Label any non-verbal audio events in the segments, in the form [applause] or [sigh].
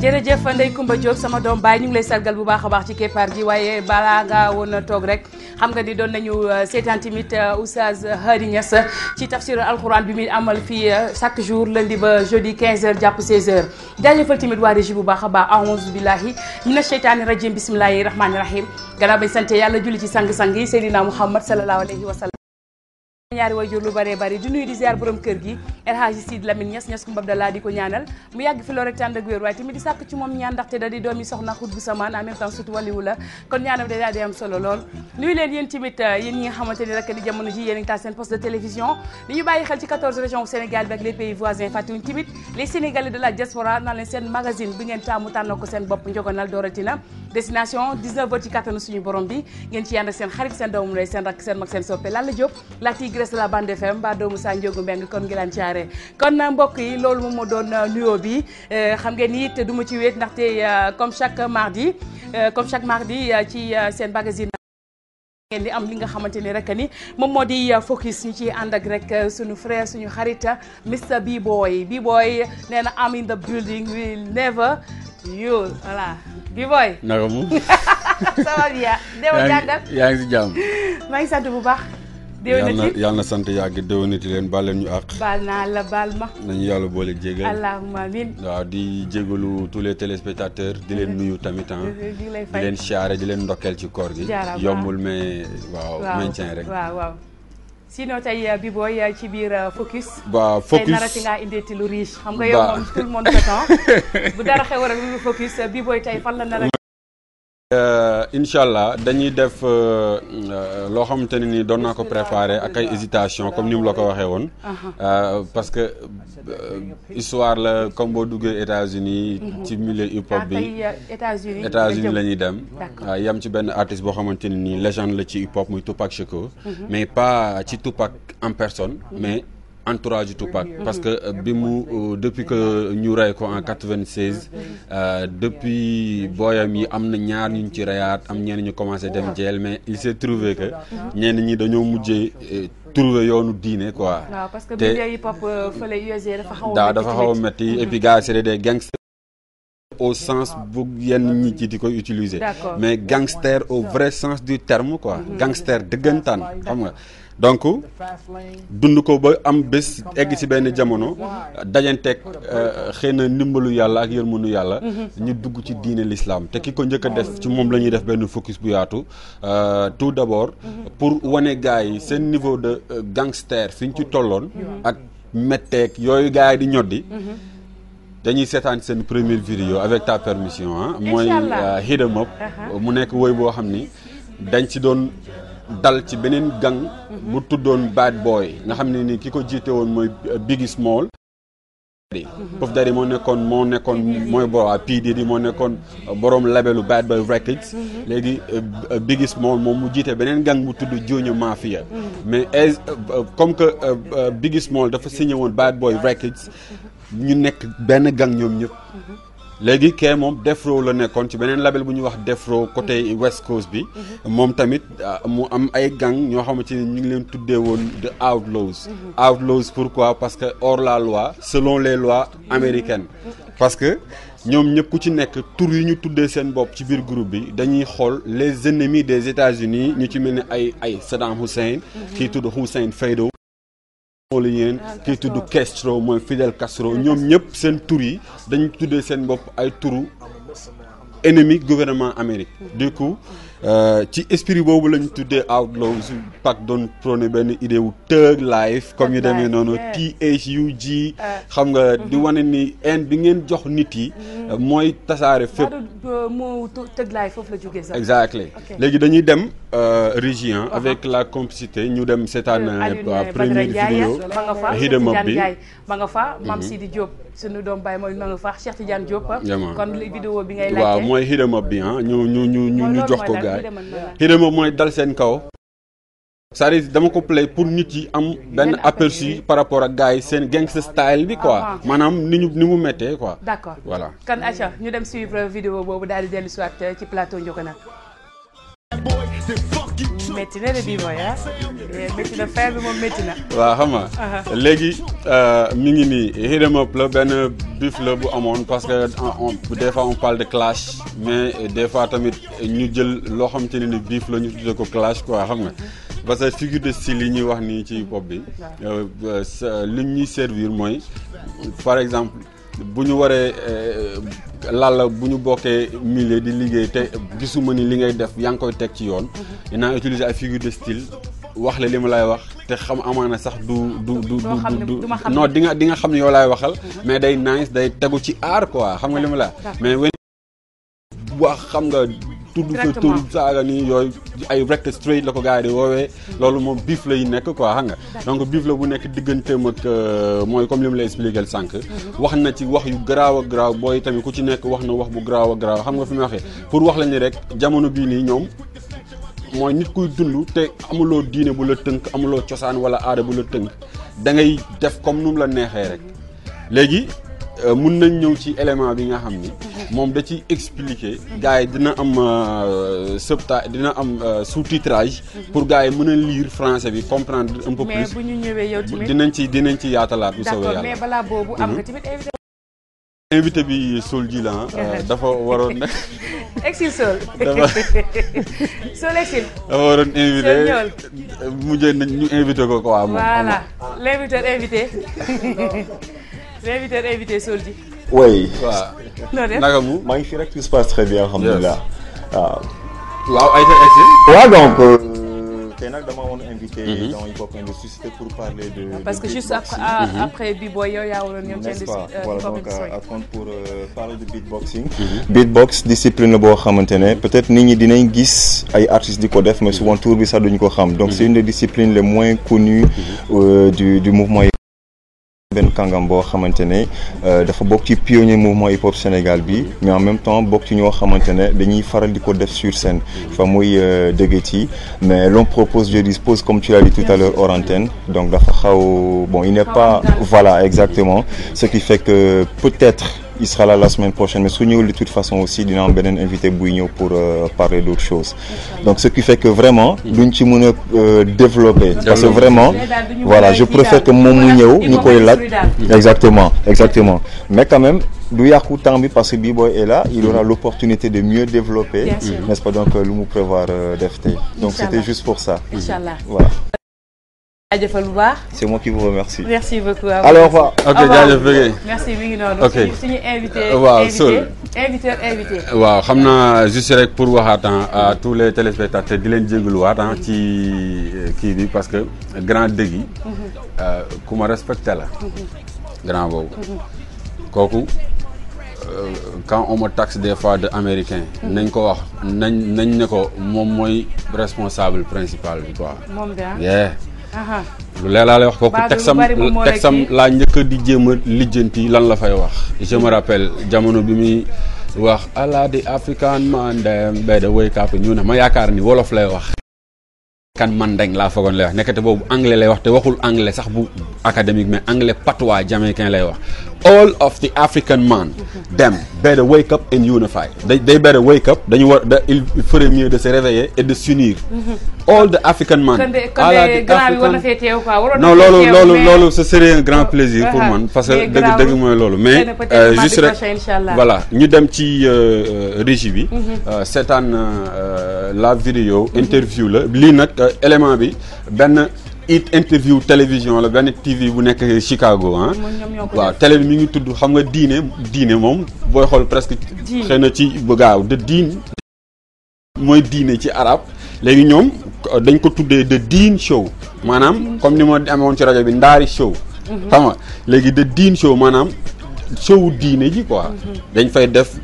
jërëjëf Ndeye Koumba Diop sama doom baay ñu ngi lay sargal bu baax a baax ci keppaar ji waaye balaa nga woon a toog rek xam nga ni doon nañu euh, seetaan tamit euh, Oustaz Hady Niass ci tafsiru alxuraan bi muy amal fii euh, chaque jour lundi ba jeudi 15h jàpp 16h jaajëfal tamit waa régie bu baax a baax aouzu billahi mina sheytaani rajim bismillahi rahmaani rahim gannaaw bañ sante yàlla julli ci sang-sang yi Seydina Mouhamad sallallahu alayhi ñaari waajur lu bare bari di nuyu di ziar borom kër gi El Hadji Sidi Lamine Niass Niass di ko ñaanal mu yàgg fi loolu rek sàkk ci moom ñaan ndaxte da di doomi soxna xut bu samaan en même temps waliwu la kon ñaanam da daal am solo lool nuyu leen yéen tamit euh, yéen ñi nga xamante di jamono ji yéen taal seen poste de télévision li ñu bàyyi xel ci 14 Sénégal bi ak leen seen magazine bi ngeen taamu tànn ko seen bopp njogonal dooratina destination régresse la bande FM mbaa doomu saa Ndiogou Mbengue kon ngi laan caare kon mbokk yi loolu moom moo doon euh, nuyoo bi euh, xam ngeen ni te duma ma ci wéet ndaxte euh, comme chaque mardi comme chaque mardi ci seen magazine ngeen di am li nga xamante ni rek ni moom moo di focus ñu ci ànd ak rek suñu frère suñu xarita Mr bi boy bi boy nee na am in the building we never you voilà B-boy naka mu [laughs] ça va [laughs] yaa ngi si jàmm maa ngi sant bu baax. déwénati yàlla na yàlla na sant yàgg déwénati leen baal leen ñu àq. baal naa la baal ma. nañu yàlla boole jégal. allahumma amiin. waaw di jégalu tous les di leen mhm. nuyu tamit ah. mhm, di leen siyaare di leen ndokkeel ci koor gi. yombul mais waaw. waaw maintien rek waaw waaw. sinon tey euh, bi booy euh, ci biir euh, focus. waaw focus tey narati ngaa indeeti lu riche. xam nga yow moom tout monde s'attend [laughs] bu dara xew rek lu focus bi tey fan la nar Euh, incha allah dañuy def euh, euh, loo xamante ne nii doon naa ko préparé ak ay hésitation comme ni mu la ko waxee woon. Uh-huh. parce que histoire la comme boo duggee États-Unis mm-hmm. ci milieu hip hop bi ah, États-Unis la ñuy dem. Ah, yam ci benn artiste boo xamante ni nii légende la ci hip hop muy Tupac Shakur. Mm-hmm. mais pas ci Tupac en personne mm-hmm. mais. entourage Tupac parce que euh, bi mu euh, depuis que ñu rey ko en 96 euh, depuis booyam yi am na ñaar ñu ci reyaat am ñenn ñu commencé dem jeel mais il s'est trouvé que mhm. ñenn ñi dañoo mujjee trouver yoonu diine quoi. waaw parce que bi dafa xaw a. et puis gars c'est des gangsters au sens bu yenn ñi ci di koy utiliser. mais gangster au vrai sens du terme quoi. Mhm. gangster dëggantaan xam nga. donc dund ko ba am bés egg ci benn jamono dajanteeg euh, xëy na ndimbalu yàlla ak yërmanu yàlla ñu dugg ci diine lislaam te ki ko njëkk a def ci moom la ñuy def benn focus bu yaatu euh, tout d'abord pour wane gars yi seen niveau de euh, gangster fi ñu ci tolloon ak metteeg yooyu gars yi di ñoddi dañuy seetaan seen première vidéo avec ta permission ah mooy Hit uh-huh. mu nekk woy boo xam ni dañ ci doon dal ci beneen gang mu mhm. tuddoon Bad Boy nga xam ne ni ki ko jiite woon mooy euh, Biggie Small mhm. Puff Daddy moo nekkoon moo nekkoon mooy boobaa ah, P moo nekkoon euh, borom labelu Bad Boy Records mhm. léegi euh, Biggie Small moom mu jiite beneen gang bu tudd Junior Mafia mais comme que Biggie Small dafa signé woon Bad Boy Records ñu nekk benn gang ñoom ñëpp léegi kee moom Defro la nekkoon ci beneen label bu ñuy wax Defro côté mhm. West Coast bi. Mhm. moom tamit ah, mu am ay gang ñoo xamante ni ñu ngi leen tuddee woon de outlaws. Mhm. outlaws pourquoi parce que orla la loi selon les lois américaines. parce que ñoom ñëpp ku ci nekk tur yi ñu tuddee seen bopp ci biir groupe bi dañuy xool les ennemis des États-Unis ñu ci mel ni ay ay Saddam Hussein. kii tudd Hussein Faydo. Bolien ah, kii tudd Castro mooy Fidel Castro ñoom ñëpp seen tur yi dañu tuddee seen bopp ay turu ennemi gouvernement Amérique du coup Euh, ci esprit boobu lañu tuddee outlaw su pak doon prôné benn idée wu thug life comme yu demee noonu THUG euh. xam nga di mhm. wane ni haine bi ngeen jox nit yi mhm. mooy tasaare fépp euh, moo thug life foofu la jógee sax exactly léegi dañuy dem région uh-huh. avec la complicité ñu dem seetaan première vidéo hidden bi suñu doom baay mooy ma nga faax Cheikh Tidiane Diop kon li vidéo bi ngay laajte waaw mooy hidamab bi ah ñu ñu ñu ñu jox ko gaay hidamab mooy dal seen kaw cest dama ko play pour nit yi am benn aperçu par rapport ak gars yi seen gangster style bi quoi maanaam ni ñu ni mu méttee quoi d'accord voilà kon Aïcha ñu dem suivre vidéo boobu daal di dellu siwaat ci plateau Ndiogou nag métti na de bii ah? eh, léegi euh, mi ngi nii hit em la benn bif la bu amoon parce que on des fois on parle de clash mais des fois tamit ñu jël loo xam te ne ni bif la ñu tuddee ko clash quoi xam na parce que figure de style yi ñuy wax nii ci pop bi. Euh, euh, li ñuy servir mooy par exemple. bu ñu waree euh, lalla bu ñu bokkee milieu di liggéey te gisuma ni li ngay def yaa ngi koy teg ci yoon. Mhm. dinaa utiliser ay figure de style wax la li ma lay wax te xam amaana sax du du du du non di nga di nga xam ne yoo laay waxal. Mhm. mais day nice day tegu ci aar quoi xam nga li ma la wax xam nga. tudd sa tur saaga nii yooyu ay recte straight la ko gars yi di woowee loolu moom biif lay nekk quoi xam nga donc biif la bu nekk digganteem ak euh, mooy comme li mu la expliqué sànq mhm. wax na ci wax yu garaaw a garaaw booy tamit ku ci nekk wax na wax bu garaaw a garaaw xam nga fi mu waxee pour wax la ni rek jamono bi nii ñoom mooy nit kuy dund te amuloo diine bu la tënk amuloo cosaan wala aada bu la tënk da ngay def comme nu mu la neexee rek léegi Euh, mun nañ ñëw ci élément bi nga xam ni mhm. moom da ci expliquer gars yi dina am euh, subta dina am euh, sous-titrage mhm. pour gars yi mën a lire français bi comprendre un peu mais bu ñu ñëwee yow tamit dinañ ci dinañ ci yaatalaat bu soobee yàlla mais balaa boobu am nga mhm. tamit invité bi Sol ji [laughs] dafa waroon nag [laughs] Exil Sol dafa [laughs] waroon invité mujjee nañ ñu invité ko quoi moom voilà l'invité invité l'invité invité Souldi. oui. waaw naka mu maa ngi fi rek tout se passe très bien alhamdulilah. waaw. Ah. waaw Aïda donc. Euh, tey nag dama woon invité. Mhm. dans Hip Hop pour parler de. parce que juste après ah, mhm. après B-boy yow yaa waroon ñëw pour euh, parler de beatboxing. Mhm. beatbox discipline la boo xamante ne peut-être nit ñi dinañ gis ay artistes di ko def mais souvent tour bi sax duñu ko xam. donc c'est une des disciplines les moins connues euh, du du mouvement. benn kàngam boo xamante ne euh, dafa bokk ci pionnier mouvement hip hop Sénégal bi mais en même temps bokk ci ñoo xamante ne dañuy faral di ko def sur seen fa muy euh, dëggati mais l'on propose je dispose comme tu l'as dit tout à l'heure hors donc dafa xaw bon il n'est pas voilà exactement ce qui fait que peut-être il sera là la semaine prochaine mais su ñëwul de toute façon aussi dina am beneen invité buy ñëw pour euh, parler d'autres choses donc ce qui fait que vraiment duñ ci mën a euh, développer parce que vraiment voilà je préfère que moom mu ñëw ñu koy laaj exactement exactement mais quand même du yàqu temps bi parce que B-Boy est là il aura l'opportunité de mieux développer n'est-ce pas donc euh, lu mu prévoir euh, def tey donc c'était juste pour ça voilà jaajëfal bu baax. c'est moi qui vous remercie. merci beaucoup Abba. Euh, waaw xam na juste rek pour waxaat à tous les téléspectateurs di leen jégaluwaat ci euh, kii bi parce que grand dëgg yi. Mm-hmm. Euh, ku respecté la. Mm-hmm. grand boobu. Mm-hmm. kooku quand on me taxe des fois de américain. nañ ko wax nañ nañ ne ko moom mooy responsable principal bi quoi. lu leer laa lay wax kooku texam texam laa njëkk di jéem a lijjanti lan la fay wax je me rappelle jamono bi muy wax ala di african man dem bay da ñu ne ma yaakaar ni wolof lay wax kan mandeng laa foogoon lay wax nekkate boobu anglais lay wax te waxul anglais sax bu académique mais anglais patois jamaïcain lay wax all of the African men dem better wake up and unify they, they better wake up dañu war da il ferait mieux de se réveiller et de s'unir mm-hmm. all the African men non loolu loolu loolu ce serait un grand ah, plaisir pour ah, man parce que dëgg dëgg mooy loolu mais euh, juste rek voilà ñu dem ci euh, euh, régie bi mm-hmm. seetaan la vidéo interview la lii nag élément bi benn it interview télévision la benn TV bu nekk Chicago ah. waaw télé bi mi ngi tudd xam nga diine diine moom booy xool presque. xëy na ci gaaw de diin. mooy diine ci arab léegi ñoom dañ ko tuddee de diin show maanaam comme ni ma amoon ci rajo bi ndaari show. Mhm. xam léegi de diin show maanaam show diine ji quoi. Mhm. dañ fay def.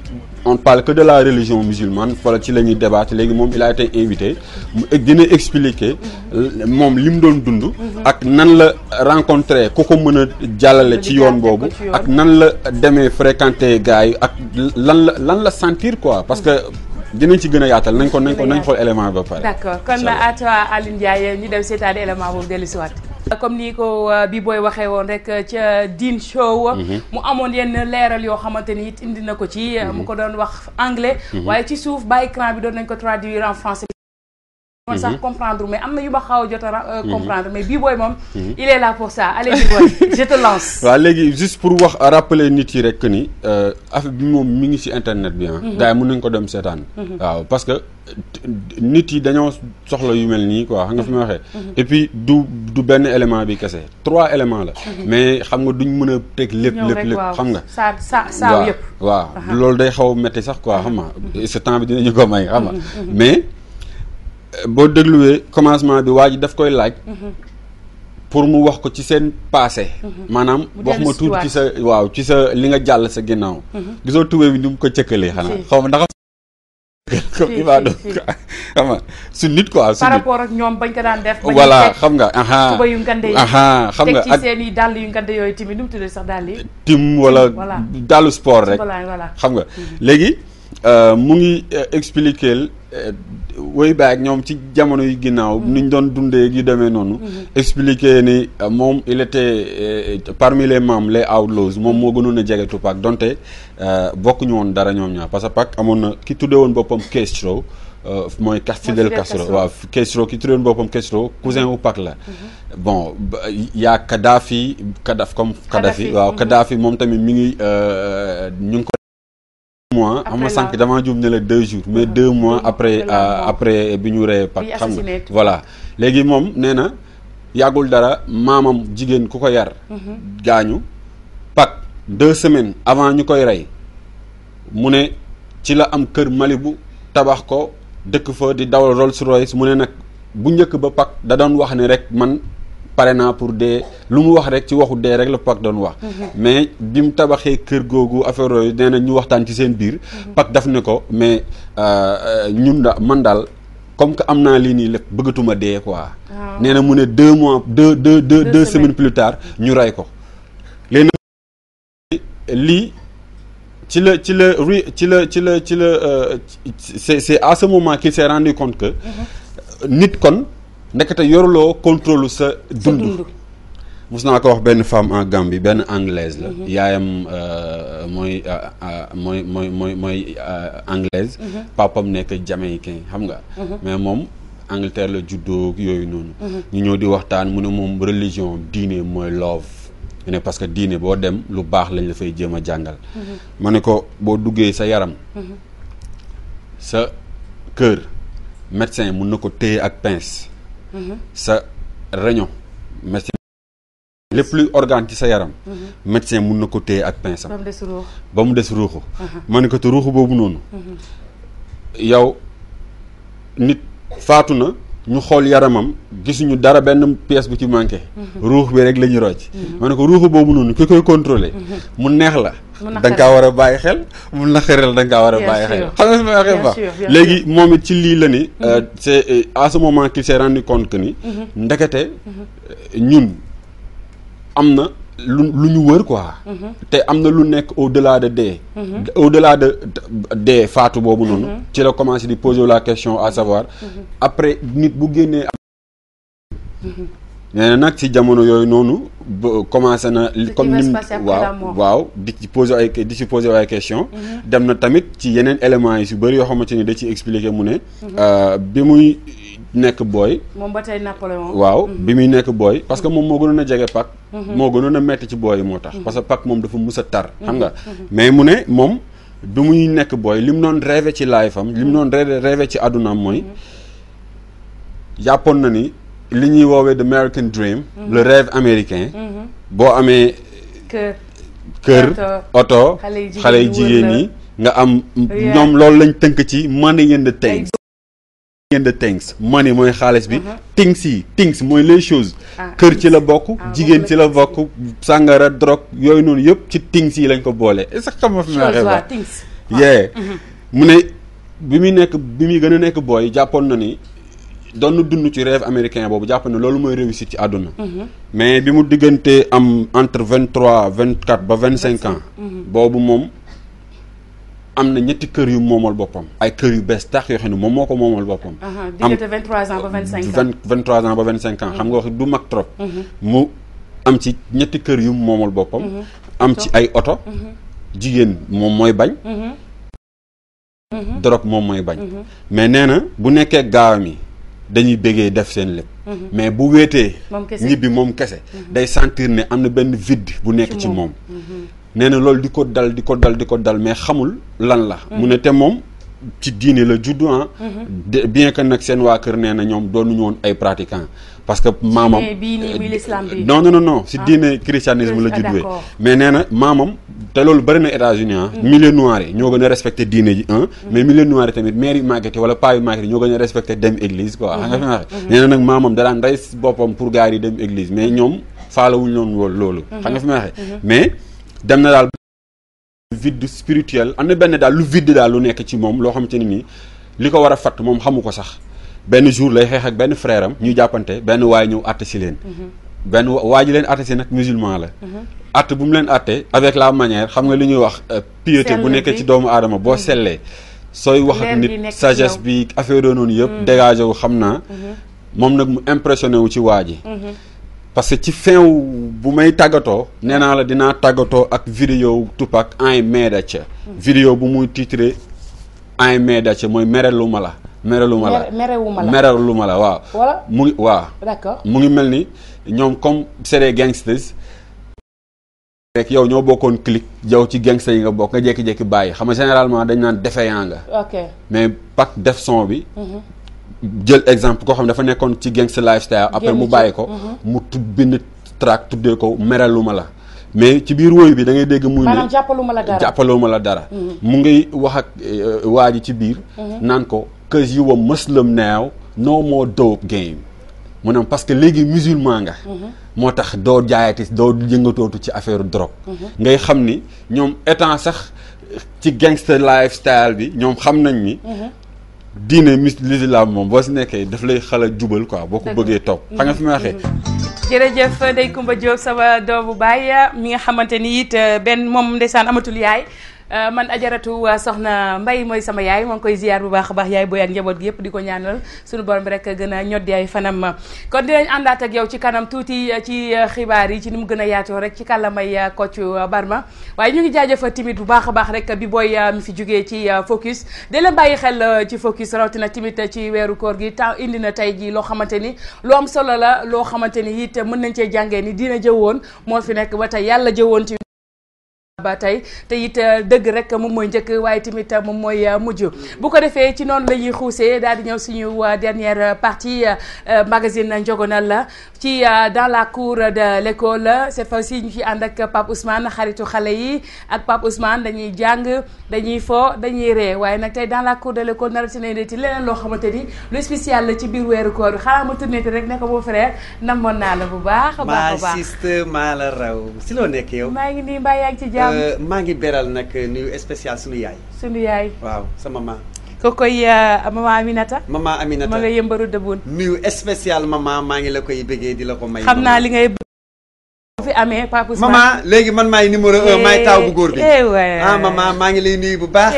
on parle que de la religion musulmane wala ci la ñuy débattre léegi moom il a été invité mu e-, dina expliqué euh, moom li mu doon dund mhm. ak nan la rencontré ku ko mën a jàllale ci yoon boobu ak nan la demee fréquenté gars yi ak lan la lan la sentir quoi parce que dinañ ci gën a yaatal nañ ko nañ ko nañ xool élément ba pare d'accord kon à toi Aline Ndiaye ñu dem seetaani élément boobu dellu si waat comme ni ko euh, bi booy waxee woon rek euh, ca Dean Show. Mhm. mu amoon yenn leeral yoo xamante ni it indi na ko ci. Euh, mu mhm. ko doon wax anglais. Mhm. waaye ci suuf bàyyi cran bi doon nañ ko traduire en français. man sax mhm. comprendre mais am na yu ma xaw a jot a euh, mhm. comprendre mais bii booy moom mhm. il la là pour ça allez bii booy je te [laughs] léegi juste pour wax rappeler nit yi rek nii euh, affaire bi moom mi ngi ci internet bi ah gars yi nañ ko dem seetaan waaw parce que nit yi dañoo soxla yu mel nii quoi xam nga fi ma waxee et du du benn élément bi kese trois éléments la mais xam nga duñ mën a teg lépp lépp xam nga saa saa yëpp waaw loolu day xaw a métti sax quoi xam nga ce temps bi dinañu ko may xam nga boo dégluwee commencement bi waa ji daf koy laaj. Mhm. pour mu wax ko ci seen passé. Mhm. maanaam wax ma tuut ci sa waaw ci sa li nga jàll sa ginnaaw. Mhm. gisoo tubaab bi ni mu ko cëkkalee xanaa xaw ma ndax. comme Ibadan xam nga su nit ñoom bañ ko daan def. voilà xam nga aha xam nga ak teg ci seen i dàll yu ngande yooyu tamit nu mu sax dàll yi. wala dàllu sport rek. voilà xam nga léegi euh, mu ngi euh, expliquer Euh, woy baak ñoom ci jamono yu ginnaaw mm-hmm. nuñ doon dundee yu demee noonu mm-hmm. expliquer ni euh, moom il était euh, parmi les membres les outlaws moom moo gënoon a jege Tupac donte bokk ñu woon dara ñoom ñaar parce que Pac amoon na ki tuddee woon boppam Castro mooy Fidel Castro waaw Castro ki tuddee woon boppam Castro cousin wu Pac la mm-hmm. bon yaa Kadhafi Kadhaf comme Kadhafi waaw Kadhafi moom tamit mu ngi ñu ngi mois am na sànq damaa juum ne la deux jours mais deux mois après euh, après bi ñu reyee Pape xam nga voilà léegi moom nee na yàggul dara maamam jigéen ku ko yar mhm. gaañu Pape deux semaines avant ñu koy rey mu ne ci la am kër mali bu tabax ko dëkk fa di dawal Rolls Royce mu ne nag bu njëkk ba Pape da doon wax ne rek man pare naa pour dee lu mu wax rek ci waxu dee rek la Pac doon wax. Mhm. mais bi mu tabaxee kër googu affaire yooyu nee ñu waxtaan ci seen biir. Mhm. Pac daf ne ko mais euh, euh, ñun da man daal comme que am naa lii nii lépp bëggatuma dee quoi. Ah. nee na mu ne deux mois deux deux deux deux semaines plus tard ñu rey ko. léegi ci la ci la ci la ci la ci la c'est c'est à ce moment qu'il s'est rendu compte que mhm. nit kon. ndekete yoruloo contrôle sa dund mus naa ko wax benn femme en Gambie benn anglaise la mhm. yaayam euh, euh, euh, mooy mooy mooy mooy mooy anglaise mhm. papam nekk jamaïcain xam nga mhm. mais moom Angleterre la juddoo yooyu noonu ñu ñëw di waxtaan mu ne moom religion diine mooy love ñu ne parce que diine boo dem lu baax lañ la fay jéem a jàngal ma ne ko boo duggee sa yaram sa kër médecin mun na ko téye ak pince sa réunion médecin lépp luy organe ci sa yaram mhm. médecin mun na ko téye ak pinsam ba mu des ruuxu mhm. ma ne ko te ruuxu boobu noonu mhm. yow nit faatu na ñu xool yaramam gisuñu dara benn pièce bu ci manqué. ruux bi rek la ñuy rocc. ma ne ko ruuxu boobu noonu ki koy contrôler mu neex la. da kaa war a bàyyi xel mu naqareel da nga kaa war a bàyyi xel. xam nga su ma waxee baax léegi moom it ci lii la ni. Mm-hmm. Euh, c' est euh, à ce moment qu' il s' est rendu compte ni. Mm-hmm. ndekete mm-hmm. Euh, ñun am na. lu lu ñu wër quoi. Mhm. te am na lu nekk au delà de mhm. dee. de dee faatu boobu noonu. Mhm. ci la commencé di poser la question à savoir. après nit bu génnee. nee na nag ci jamono yooyu noonu ba commencé na. comme ni waaw waaw di ci poser question dem na tamit ci yeneen éléments yi su bëri yoo xamante ni da ci expliquer mu ne. Euh, bi muy. nekk booy. moom ba tey Napoléon. waaw mhm. bi muy nekk booy. parce que mhm. moom moo gënoon a jege Pac. Mhm. moo gënoon a metti ci booy yi moo tax. parce que Pac moom dafa mus a tar. xam nga mais mu ne moom du muy nekk booy li mu noon rêvé ci life am li mu doon rêvé ci àddunaam mooy jàppoon na ni li ñuy woowee the American dream. le rêve américain. boo amee. kër oto xale yi jigéen ñi nga am ñoom loolu lañ tënk ci money in the things ngeen de things money mooy xaalis bi mhm. things yi things mooy les choses ah, kër ci la bokk ah, jigéen ci la bokk sàngara drogue yooyu noonu yëpp ci things yi lañ ko boole est-ce que xam nga fi ma mm-hmm. mu ne bi muy nekk bi muy gën a nekk booy jàppoon na ni doon dund ci rêve américain boobu jàpp na loolu mooy réussite ci àdduna mm-hmm. mais bi mu diggante am entre vingt trois vingt quatre ba vingt cinq ans mm-hmm. boobu moom am na ñetti kër yu moomal boppam ay kër yu bees tax yoo xam ne moom moo ko moomal boppam am diggante vingt trois ans ba vingt cinq ans ba vingt cinq ans xam nga wax du mag trop mhm. mu am ci ñetti kër yu moomal boppam mhm. am ci ay oto mhm. jigéen moom mooy bañ drop moom mooy bañ mais nee na bu nekkee gaawa mi dañuy bëggee def seen lépp mais bu wéetee ñibbi moom kese day sentir ne am na benn vide bu nekk ci moom nee na loolu di ko dal di ko dal di ko dal mais xamul lan la. Mm-hmm. mu ne te moom ci diine la juddu ah. Mm-hmm. bien que nag seen waa kër nee na ñoom doonuñu woon ay pratiquants. parce que maamam non non non si ah. diine christianisme la ah, juddoo mais nee na maamam te loolu bëri na États-Unis ah mm-hmm. milieu noir yi ñoo gën a respecté diine ji un ah. mais milieu noir yi tamit mère yu màgget yi wala paa yu yi ñoo gën a respecté dem église quoi xam nga fi ma waxee nee na nag maamam da boppam pour gars yi dem église mais ñoom faalawuñ loon wool loolu xam dem na daal vide am na benn daal lu vide daal lu nekk ci moom loo xamante ni nii li ko war a fatt moom xamu ko sax benn jour lay xeex ak benn frère am ñuy jàppante benn waay ñëw àtte si leen mhm. benn waa ji leen àtte si nag musulman la mhm. àtte bu mu leen àtte avec la manière xam nga li ñuy wax euh, piété bu nekkee ci doomu aadama boo mhm. sellee sooy wax ak nit sagesse bi affaire noonu yëpp dégagé wu xam naa moom nag mu impressionné wu ci waa ji parce que ci feew bu may tàggatoo nee naa la dinaa tàggatoo ak vidéo Tupac ay meedace hmm. vidéo bu muy titré ay meedace mooy merelu ma la merelu ma la merewu ma la merelu ma la waaw mu ngi waaw mu ngi mel ni ñoom comme c'est des gangsters rek yow ñoo bokkoon clique yow ci gangster yi nga bokk nga jékki-jékki bàyyi xam nga généralement dañ naan defeyaa nga mais Pac def son bi mm-hmm. jël exemple koo xam ne dafa nekkoon ci gangster lifestyle après mu bàyyi ko mhm. mu tu bind track tuddee ko meraluma la mais ci biir wóoyu bi da ngay dégg muy ne maanaam jàppaluma la dara dara mhm. mu ngi wax ak euh, waa ji ci biir mhm. naan ko cause you a Muslim now no more dope game mu ne parce que léegi musulman nga moo tax doo jaayati doo jëngatootu ci affaire drogue ngay xam ni ñoom étant sax ci gangster lifestyle bi ñoom xam nañ ni diine mis l'islam moom boo si nekkee daf lay xala jubal quoi boo ko bëggee toog xam nga fi ma waxee mm-hmm. jërëjëf Ndeye Coumba Diop sama bu baay mi nga xamante ni it euh, benn moom ndeysaan amatul yaay Euh, man ajaratu soxna mbay mooy sama yaay maa ngi koy ziar bu baax a baax yaay boyaat njaboot gi yëpp di ko ñaanal suñu borom bi rek gën a ñoddi ay fanam kon dinañ àndaat ak yow ci kanam tuuti euh, ci euh, xibaar yi ci ni mu gën a yaatoo rek ci kàllamay Kocc Barma waaye ñu ngi jaajëfal timit bu baax a baax rek bi booy mi fi jógee ci focus di la bàyyi xel ci focus rawatina timit ci weeru koor gi temps indi na tey ji loo xamante ni lu am solo la loo xamant ni it mën nañ cee jàngee ni dina jëwoon moo fi nekk ba tey yàlla jëwoon ci ba tey te it euh, dëgg rek moom mooy njëkk waaye tamit euh, moom mooy euh, mujj bu ko defee ci noonu la ñuy xuusee daal di ñëw suñu dernière partie magazine njogonal la ci dans la cour de l'école cette fois-ci ñu ci ànd ak Pape Ousmane xaritu xale yi ak Pape Ousmane dañuy jàng dañuy fo dañuy ree waaye nag tey dans la cour de l'école nara ci leneen loo xamante ni lu spécial la ci biir weeru koor bi xanaa ma tourné rek ne ko mon frère namoon naa la bu baax a baax a baax ma siste maa la raw si loo nekk yow Euh, maa ngi beral nag nuyu spécial sunu yaay. sunu yaay waaw sama maman. ko koy euh, maman Aminata. maman Aminata ma nga yëmbaru dëbboon. nuyu spécial maman maa ngi la koy bëggee di la ko may. xam naa li ngay fi amee Pape Ousmane maman léegi man maay numéro un maay taaw bu góor bi eh, eh, eh, ah maman maa ngi lay nuyu bu baax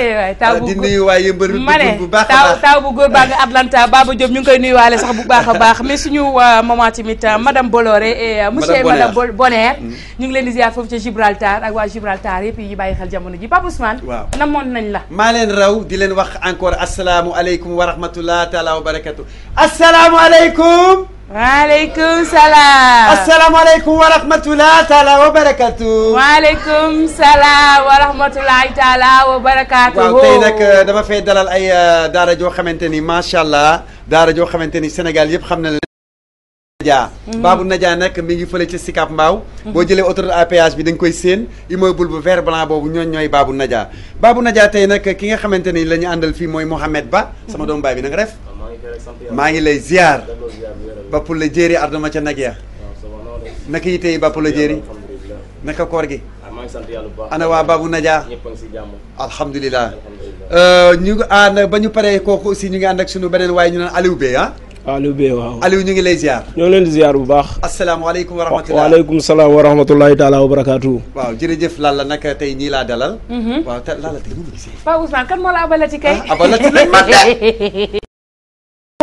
di nuyu waa baax a baax taaw bu góor baa nga Atlanta Baba Diop ñu ngi koy nuyuwaale sax bu baax a baax mais suñu euh, maman tamit euh, madame Bolloré et euh, monsieur madame mm. ñu ngi leen di ziar foofu ca Gibraltar ak waa Gibraltar yëpp yi bàyyi xel jamono ji Pape Ousmane waaw namoon nañ la maa leen raw di leen wax encore asalaamualeykum wa rahmatullah taala wa barakatu asalaamualeykum waaleykum salaam. asalaamaaleykum wa rahmatulah taalaa wa barakaatu. waaleykum salaam wa rahmatulah taalaa wa barakaatu. waaw tey nag euh, dama fay dalal ay euh, daara joo xamante ni macha allah daara joo xamante ni Sénégal yëpp xam na leen. Nadia. Mhm. Babou Nadia nag mi ngi fële ci Sicap Mbao mhm. boo jëlee autoroute à péage bi da nga koy séen immeuble bu vert blanc boobu ñooñ ñooy Babou Nadia. Babou Nadia tey nag ki nga xamante ni la ñu àndal fii mooy Mouhamed Ba. sama mhm. doomu baay bi na nga def. maa ngi lay ziar bapp la jéeri ardama ca nag ya naka yi tey bapp la jéeri naka koor gi ana waa babu naja alhamdulilah euh, ñu ngi ànd ba ñu paree kooku aussi ñu ngi ànd ak suñu beneen waaye ñu naan Aliou Bey ah Aliou Bey waaw Aliou ñu ngi lay ziar ñoo ngi leen di ziar bu baax asalaamaaleykum wa rahmatulah waaleykum salaam wa rahmatulahi taala wa barakaatu waaw jërëjëf Lalla nag tey ñii laa dalal mhm. waaw te Lalla tey ñu ngi gisee Paa Ousmane kan moo la abalati kay ah, abalati lañ [laughs]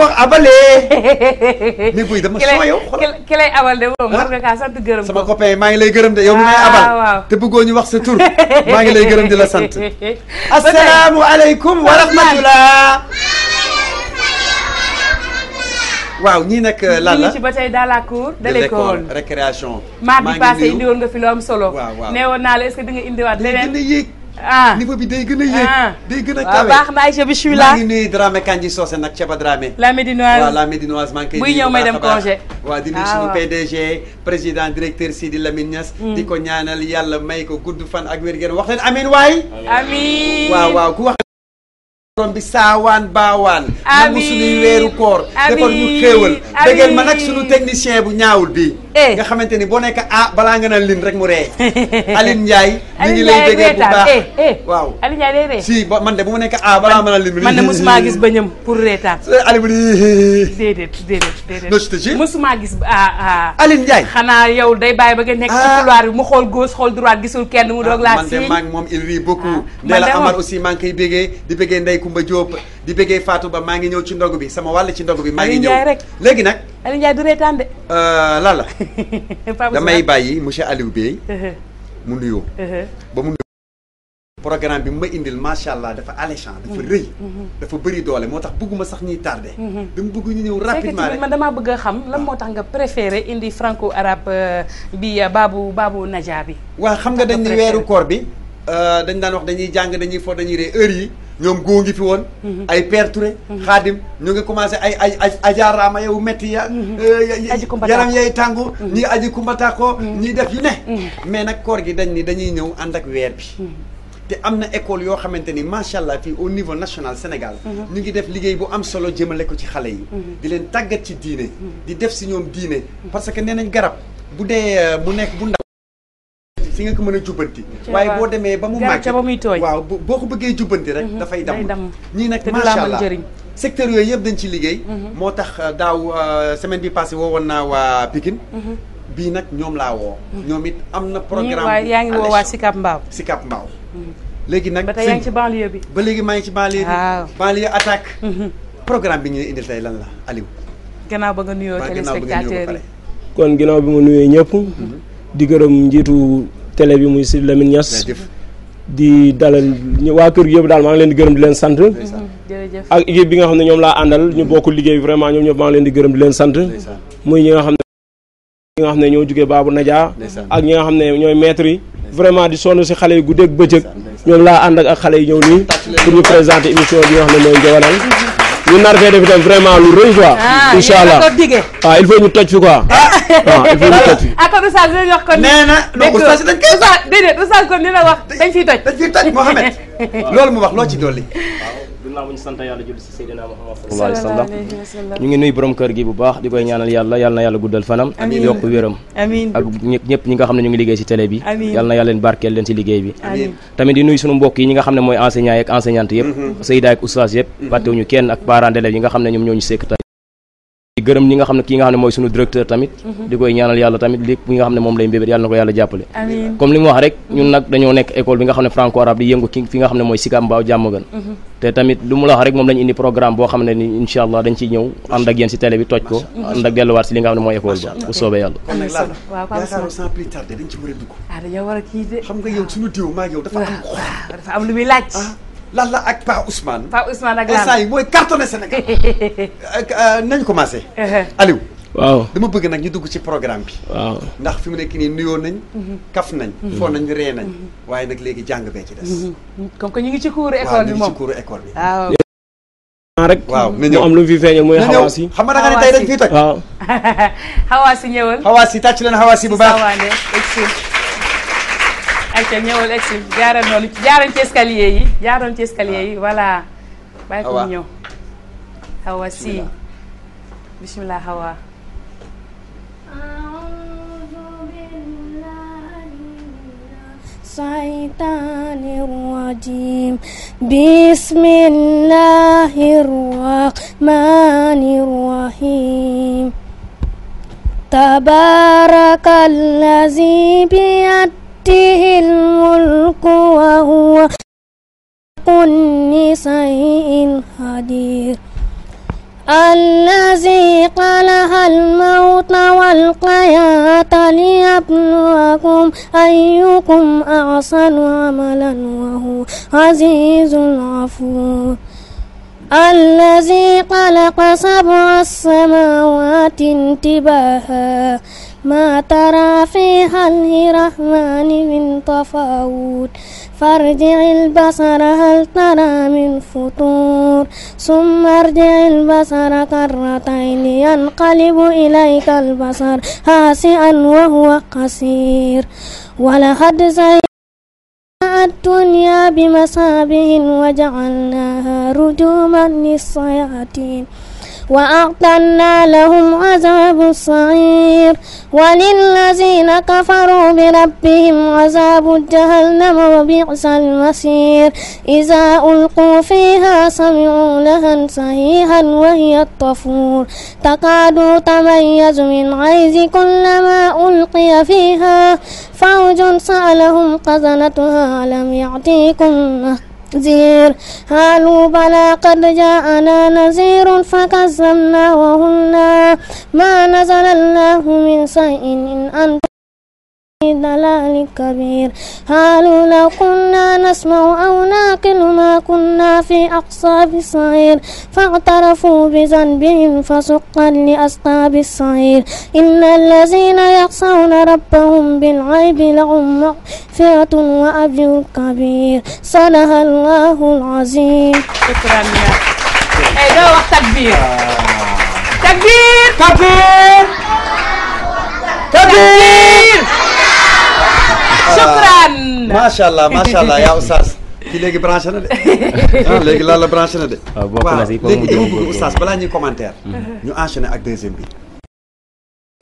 wax abalee. mais [laughs] buy dama soo yow. ki lay abal de moom ah. nga kaa sant gërëm sama copain maa ngi lay gërëm de ah, bëggoo ñu wax sa tur. maa ngi lay gërëm di la sant. asalaamu [laughs] aleykum wa waaw ñii nag lan la ci ba tey dans la cour de l'école récréation. maa ngi passé indi woon nga fi lu am solo. waaw naa la est-ce que di leneen. ah niveau bi day gën a yéeg. Ah. day gën a kawe waaw baax na Aïcha bisimilah maa ngi nuyu Dramé Kandji Socé nag Thiaba Dramé. la Médinoise waaw la Médinoise maa ngi koy. buy ñëw may dem congé waaw di nuyu ah, suñu PDG président directeur Sidi Lamine Niass. Mm. di ko ñaanal yàlla may ko gudd fan ak wér-gu-yéen wax leen amiin waay. amiin waaw waaw ku wax. borom bi saawaan baawaan. amiin nangu suñuy weeru koor. amiin defar ñu xéewal. amiin dëggal ma nag suñu technicien bu ñaawul bi Eh. nga xamante ni boo nekk ah balaa nga naan lin rek mu ree [laughs] Aline Ndiaye ñu ngi lay déggee bu eh, eh. waaw Aline Ndiaye day ree si man de bu ma nekk ah balaa ma naan lin man de mosuma gis ba bëñam pour reetaan [laughs] Aline mu ni [laughs] déedéet déedéet déedéet mosuma gis ah ah Aline xanaa yow day bàyyi ba nga nekk ci ah. couloir bi mu xool gauche xool droite gisul kenn mu doog laa si ah, man de maa ngi moom il rit beaucoup ah, Ndella Amar aussi maa ngi koy bégee di bégee ndey kumba Diop di bégee Fatou Ba maa ngi ñëw ci ndog bi sama wàll ci ndog bi maa ngi ñëw léegi nag Aliou Ndiaye du reetaan de. Euh, Lalla. [laughs] damay bàyyi monsieur Aliou Bey. [laughs] Uh-huh. mu nuyoo. Uh-huh. ba mu nuyoo. programme bi mu ma indil macha allah dafa alléchant dafa mm-hmm. rëy. Mm-hmm. dafa bëri doole moo tax bëgguma sax ñuy tardé. Mm-hmm. dama bëgg ñu ñëw rapidement rek man damaa bëgg a xam lan moo tax nga préféré indi franco arabe euh, bi euh, Babou Babou Nadia bi. waaw xam nga dañ weeru koor bi. dañ daan wax dañuy jàng dañuy fo dañuy ree heure yi. ñoom góo ngi fi woon. Mhm. ay Père Touré. xaadim mhm. ñu ngi commencé ay ay ay ajaaraama yow métti ya. Mhm. Euh, yaram yay tàngu. ñii aji kumbata ko def yu ne. mais nag koor gi dañ ni dañuy ñëw ànd ak weer bi. te am na école yoo xamante ni macha allah fii au niveau national Sénégal. ñu ngi def liggéey bu am solo jëmale ko ci xale yi. di leen tàggat ci diine. di def si ñoom diine. parce que nee nañ garab bu dee euh, mu nekk bu si nga ko mën a jubbanti waaye boo demee ba mu màgg waaw boo ko bëggee jubbanti rek mhm. dafay damm ñii nag macha allah secteur yooyu yëpp dañ ci liggéey mhm. moo tax euh, daaw euh, semaine bi passé woowoon naa waa Pikine mhm. bii nag ñoom laa woo ñoom it am na programme yaa ngi woo waa Sicap Mbao Sicap Mbao léegi nag ba tey yaa ci banlieue bi ba léegi maa ngi ci banlieue bi banlieue attaque programme bi ñu indil lan la Aliou gannaaw ba nga nuyoo téléspectateurs yi kon ginnaaw bi ma di gërëm njiitu télé bi muy si Lamine Niass di dalal waa kër gi yëpp daal maa ngi leen di gërëm di leen sant mhm, ak équipe bi nga xam ne ñoom laa àndal ñu bokk liggéey vraiment ñoom ñëpp maa ngi leen di gërëm di leen sant muy ñi nga xam ne ñi nga xam ne ñoo jugee Babou Nadia ak ñi nga xam ne ñooy maître yi vraiment di sonn si xale yi guddeeg bëccëg ñoom laa ànd ak xale yi ñëw nii pour ñu présenter émission bi nga xam ne mooy Njogonal ñu nar fee def itam vraiment lu rëy quoi. Ah, incha allah ah il faut ñu toj fi quoi. Ah, ah. ah il faut ñu toj fi. ah comme ça dinañ wax kon. nee na donc oustaz dañ koy. oustaz déedéet oustaz kon dina wax dañ fiy toj. dañ fiy toj Mohamed [laughs] loolu mu wax loo ci dolli. [laughs] ginnaaw bu ñu sant wa sallam ñu ngi nuy borom kër gi bu baax di koy ñaanal yàlla yàlla na yàlla guddal yokk wéram ak ñëpp ñi nga xam ne ñu ngi liggéey si télé bi yàlla na yàlla leen barkeel leen si liggéey bi tamit di nuy suñu mbokk yi ñi nga xam ne mooy enseignant yi ak enseignante yëpp mm-hmm. sayda ak oustaz yëpp fàttewuñu kenn ak parents d'élèves yi nga xam ne ñoom ñooñu sekk gërëm ñi nga xam ne kii nga xam ne mooy suñu directeur tamit mhm. di koy ñaanal yàlla tamit li nga xam ne moom lay mbébét yàlla na ko yàlla jàppale comme li mu wax rek mhm. mhm. moom lañu indi programme boo xam ne ni insha allah dañ ciy ñëw ànd ak yéen si télé bi toj ko ànd ak delluwaat si li nga xam ne mooy école ba bu soobee yàlla yaakaaroon sans a ah, am lu muy laaj ah. Lalla ak Pa Ousmane. Pa Ousmane ak Lalla instant yi mooy cartonné Sénégal [laughs] euh, nañ commencé. Uh-huh. Aliou. waaw dama bëgg nag ñu dugg ci programme bi. waaw ndax fi mu nekk nii nuyoo nañ. Mm-hmm. kaf nañ. Mm-hmm. foo nañ ree nañ. Mm-hmm. waaye nag léegi jàng bee ci des. comme que ñu ngi ci kuuru école bi moom kuuru école bi. waaw. Ah, rek waaw mu am lu mu fi feeñal mooy xawaas yi xam nga da nga ne tey dañ fiy toj. waaw xawaas [laughs] yi ñëwal. xawaas yi tàcc leen xawaas yi bu baax. ayca ñëwal exil jaaral noonu jaaral ci escalier yi jaaral ci escalier yi voilà. bàyyi ko mu ñëw Hawa si bismillah Hawa. الشيطان الرجيم بسم الله الرحمن الرحيم تبارك الذي بيده بيده الملك وهو كل شيء قدير الذي خلق الموت والحياة ليبلوكم أيكم أحسن عملا وهو عزيز غفور الذي خلق سبع السماوات انتباها ما ترى في خلق الرحمن من تفاوت فارجع البصر هل ترى من فطور ثم ارجع البصر كرتين ينقلب إليك البصر خاسئا وهو قصير ولقد زين الدنيا بمصابه وجعلناها رجوما للصياطين وأعتدنا لهم عذاب الصعير وللذين كفروا بربهم عذاب جهنم وبئس المصير إذا ألقوا فيها سمعوا لها صحيحا وهي الطفور تكاد تميز من غيظ كلما ألقي فيها فوج سألهم خزنتها ألم يعطيكم تقدير قالوا بلى قد جاءنا نذير فكذبنا وقلنا ما نزل الله من شيء إن أنتم ضلال كبير قالوا لو كنا نسمع أو ناقل ما كنا في أقصاب الصعير فاعترفوا بذنبهم فسقا لأصحاب الصعير إن الذين يخشون ربهم بالغيب لهم مغفرة وأجر كبير صدق الله العظيم شكرا يا ايه ده تكبير تكبير تكبير macha allah macha allah yaa oustaz kii léegi branché [laughs] ah, na de ah léegi lan la branché na de. waaw bokk na si léegi dama bëgg ñuy commentaire. ñu enchaîner ak deuxième bi.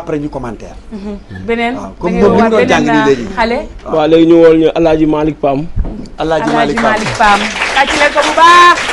après ñu commentaire. Mhm. beneen comme moom mi doon jàng nii léegi. waaw léegi ñu wool ñu El Hadj Malick Pam. El Hadj Malick Pam El Hadj Malick Pam.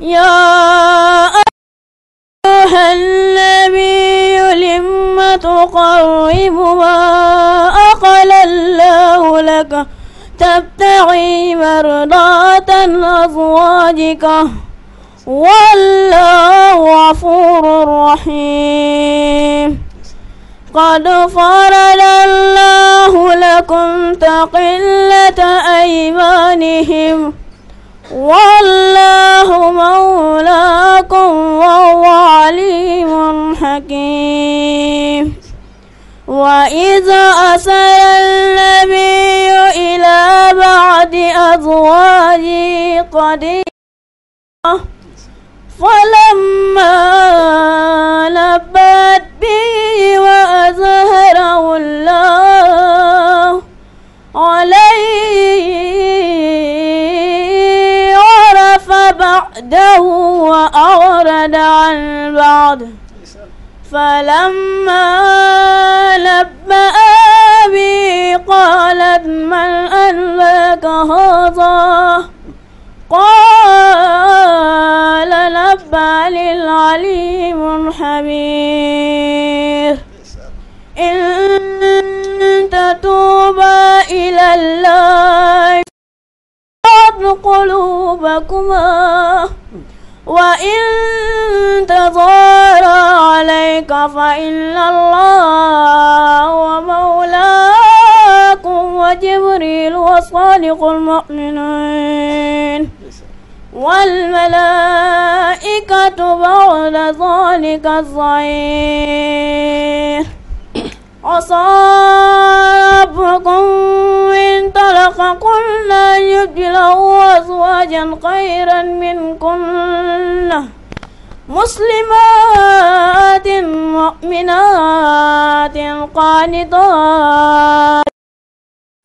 يا أيها النبي لم تقرب ما أقل الله لك تبتغي مرضات أزواجك والله غفور رحيم قد فرض الله لكم تقلة أيمانهم والله مولاكم وهو عليم حكيم وإذا أسر النبي وحده وأورد عن بعض فلما لبأ بي قالت من ألبك هذا قال لبى العليم الحبير إن تتوبا إلى الله لكما وإن تظاهرا عليك فإن الله مولاكم وجبريل وصالح المؤمنين والملائكة بعد ذلك ظهير أصابكم إن طلق قلنا يبدله أزواجا خيرا منكن مسلمات مؤمنات قانتات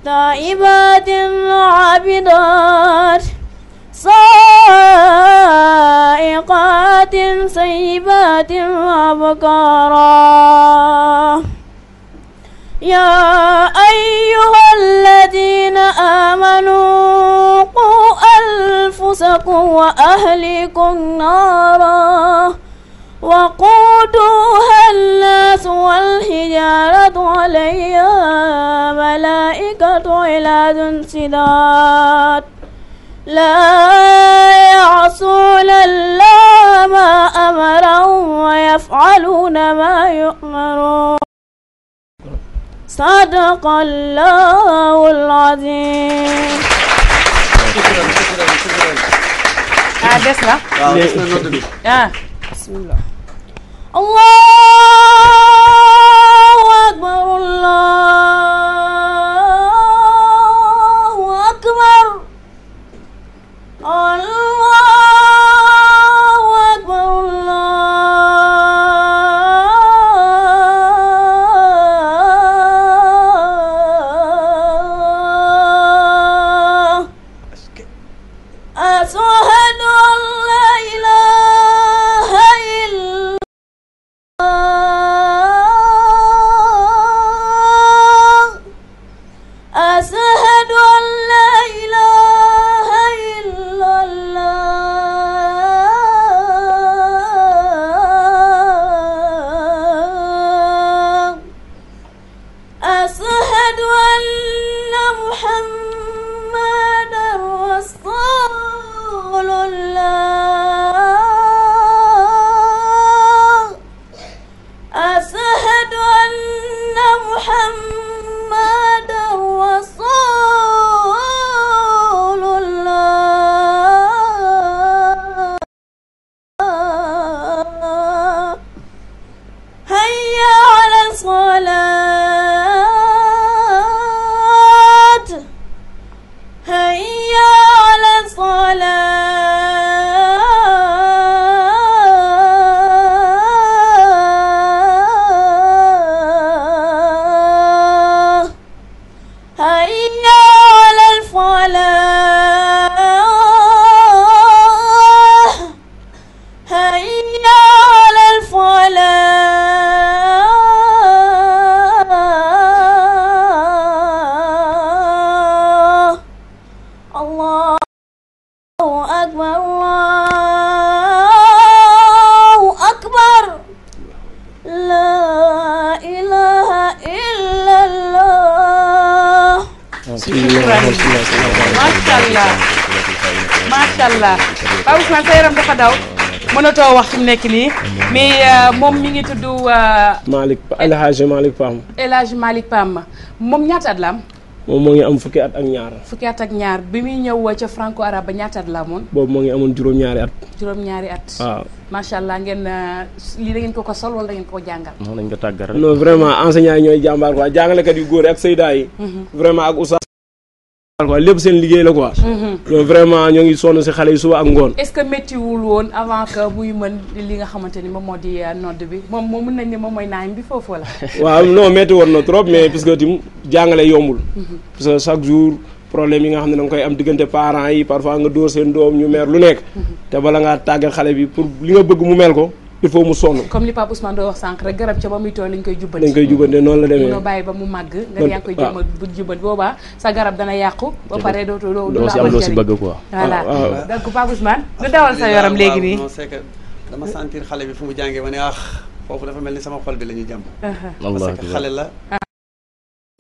تائبات عابدات سائقات سيبات أبكارا دياركم وأهليكم نارا وقودها الناس والحجارة عليها ملائكة إلى سداد لا يعصون الله ما أمرهم ويفعلون ما يؤمرون صدق الله العظيم ah des na. waaw des na nodd bi ah bismillah allahu akbar allah nekk nii. mais euh, moom mi ngi tudd. Euh, Malick El Hadj Malick Pam. El Hadj moom ñaata at la am. moom moo ngi am fukki at ak ñaar. fukki at ak ñaar bi muy ñëw ca franco arabe ba ñaata at la amoon. boobu moo ngi amoon juróom-ñaari at. juróom-ñaari at. waaw macha allah ngeen euh, lii da ngeen ko ko sol wala da ngeen ko jàngal. non nañ ko tàggat rek. non vraiment enseignants yi ñooy jàmbaar quoi jàngalekat yu góor ak saydaa yi. Mhm. vraiment ak Ousseynou. quoi lépp seen liggéey la quoi. loolu mhm. vraiment ñoo ngi sonn si xale yi suba ak ngoon. est-ce que méttiwul woon avant que muy mën li nga xamante ni moom moo di euh, nodd bi moom moom nañ ne moom mooy naaj bi foofu la. [laughs] waaw non métti woon na trop mais puisque tim jàngale yombul. Mhm. parce que chaque jour. problème yi nga xam ne da koy am diggante parents yi parfois nga dóor seen doom ñu meer lu nekk mhm. te bala ngaa tàggat xale bi pour li nga bëgg mu mel ko il faut mu sonn comme li Pape Ousmane doo wax sànq rek garab ca ba muy tooy lañ koy jubbanti dañ koy jubbanti noonu la demee noo bàyyi ba mu màgg nga yaa koy ah, jëma bu sa garab dana yàqu ba pare doo doo doo si am loo si bëgg quoi voilà ah, ah, donc Pape lu dawal sa yaram léegi nii dama sentir xale bi fu mu jàngee ma ne ah foofu dafa mel ni sama xol bi la ñuy jàmm uh-huh. parce que xale la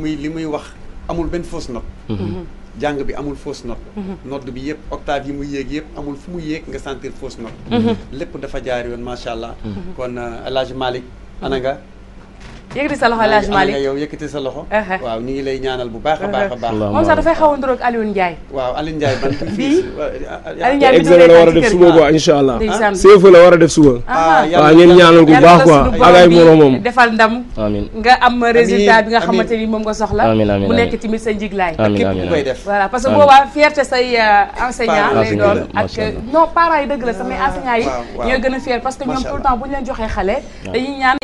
muy li muy wax amul benn fausse note mm-hmm. jàng bi amul fausse note note bi yëpp octave yi mu yéeg yëpp amul fu mu yéeg nga sentir fausse note mhm. lépp dafa jaar yoon macha allah mhm. kon euh, El Hadj Malick yëkkati sa loxo laaj yow ñu ngi lay ñaanal bu baax a baax a baax moom sax dafay xaw a nduroog Alioune Ndiaye waaw la war a def suba ah, quoi incha a def suba waaw ngeen ñaanal bu baax quoi nga am résultat bi nga xamante ni moom nga soxla amiin amiin mu nekk tamit sa njiglaay ak képp ku parce que boobaa fierté say euh, enseignant lay doon ak non parents yi dëgg la samay ah, enseignants yi ñooy gën a fier parce que ñoom tout temps bu ñu leen joxee xale dañuy ñaan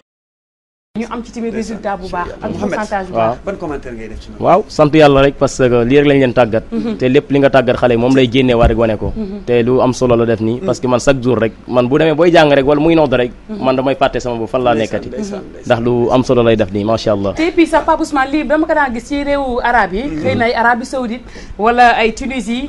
ñu am ci tamit résultat bu baax ak pourcentage bu baax waaw sant yàlla rek parce que lii rek lañ leen tàggat mhm. te lépp li nga tàggat xale moom lay génnee waa rek wane ko mhm. te lu am solo la def nii mhm. parce que man chaque jour rek man bu demee booy jàng rek wala muy nodd rek man damay fàtte sama bu fan laa nekkati ndax lu am solo lay def nii macha allah te puis sax Pape Ousmane lii dama ko daan gis ci réewu arab yi xëy na ay Arabie Saoudite wala ay Tunisie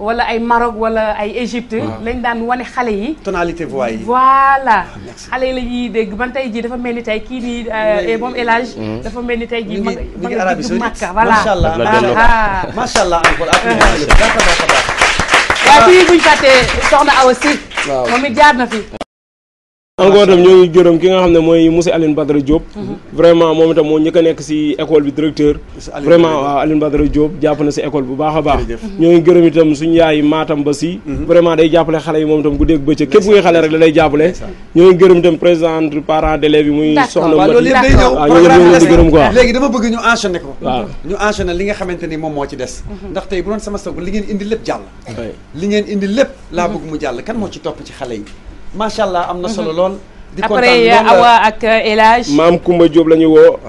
wala ay Maroc wala ay Égypte. Ah. lañ daan wane xale yi. tonalité voix yi ah, xale yi la ñuy dégg man tey jii dafa mel ni tey kii nii moom euh, El Hadj. Mm. mel ni tey jii. ma ma ngi Arabie Saoudite macha allah macha allah encore ah, waaw fii buñ fàttee soxna Awa Si. jaar na fi. encore itam ñoo gërëm ki nga xam ne mooy monsieur Aline Badara Diop vraiment moom itam moo njëkk a nekk si école bi directeur vraiment waaw Aline Badara Diop jàpp na si école bu baax a baax ñoo ngi gërëm itam suñu yaay maatam ba si mhm. vraiment day jàppale xale yi moom itam guddeeg bëccëg képp kuy xale rek la lay jàppale ñoo ngi gërëm itam présidente parents d'élèves yi muy soxna waaw loolu yëpp day ñëw gërëm quoi léegi dama bëgg ñu enchaîner ko waaw ñu enchaîner li nga xamante ni moom moo ci des mhm. ndax tey bu doon li ngeen indi lépp jàll li ngeen indi lépp laa mu jàll kan moo ci topp ci xale yi macha allah am na solo mhm. lool. di kontaan après euh, euh, Awa ak euh, El maam Kumba Diop la ñu woo.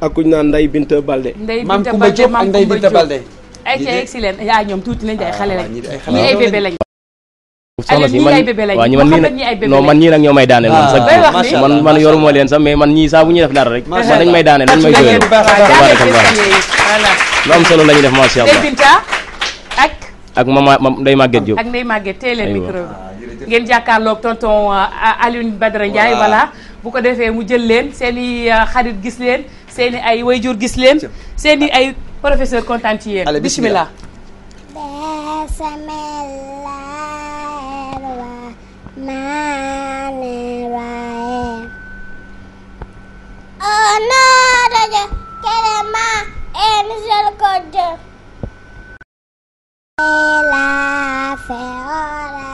ak ku naan Ndeye Binta Balde. Ndeye Binta Balde maam Kumba Diop ak Ndeye Binta Balde. ay ca leen yaa ñoom tuuti nañ ay xale ah, lañ. ñii ay bébé lañ. soxna si man waaw ñi man nii man ñii nag ñoo may daaneel man ah, sax man yoruma leen sax mais man ñii saa bu ñuy def dara rek man dañ may daaneel dañ may jooyal lu am solo la ñuy def macha allah ak mama Ndeye Maguette Diop ak Ndeye Maguette teel leen micro bi ngeen jàkkaarloog tonton euh, Alioune Badara Ndiaye bu ko defee mu jël leen seeni euh, xarit gis leen seen ay wayjur gis leen seen i ah. ay professeur kontaan ci yéen bismillah la feora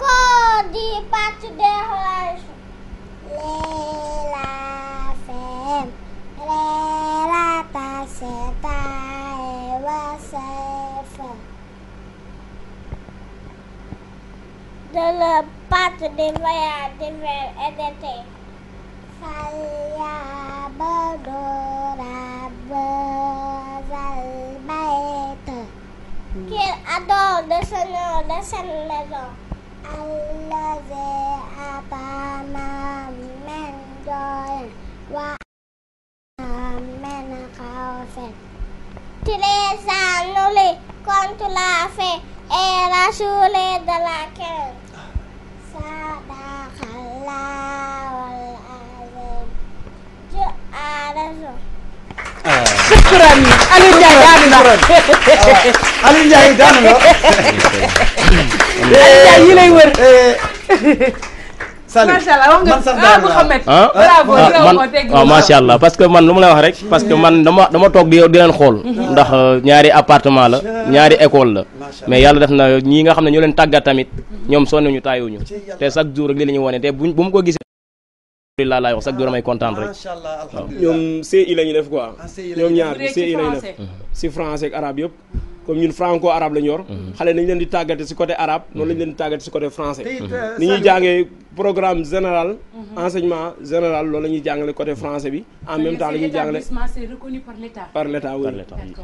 Acorde e parte de relógio. Leila fem, Leila tá senta, é você fem. Dona Pato de manhã, de ver, é e de ter. Falha, abandona, abandona, Que adoro, dançando, dançando, dançando. الذي أطعمهم من جوع وأمنهم من خوف Today's annually come to laugh and Rasul the Lakin. صدق الله العظيم. جاء رسول shukran Aliou Ndiaye daanu na Aliou Ndiaye daanu na Aliou eh, allah man sax ah, ah, ah macha ah, parce que man lu ma lay wax rek. parce que man dama dama toog di yow leen xool. Mhm. ndax euh, ñaari appartement la ñaari école la. mais yàlla def na ñii nga xam ne ñoo leen tàggat tamit. Mhm. ñoom sonn ñu taayuñu te chaque jour rek li la ñu wane te buñ bu mu ko gisee. alhamdulilah laay wax chaque jour damay kontaan rek. ñoom CI la ñu def quoi. ñoom ñaar CI la ñu def. si français ak arabe yëpp. Mhm. comme ñun franco arabe la ñu yor mhm. xale nañ leen di tàggate si côté arabe mhm. noonu lañ leen di tàggate si côté français mhm. ni ñuy jàngee programme général enseignement général loolu la ñuy jàngale côté français bi en même temps la ñuy jàngale c'est reconnu par l'état par l'état oui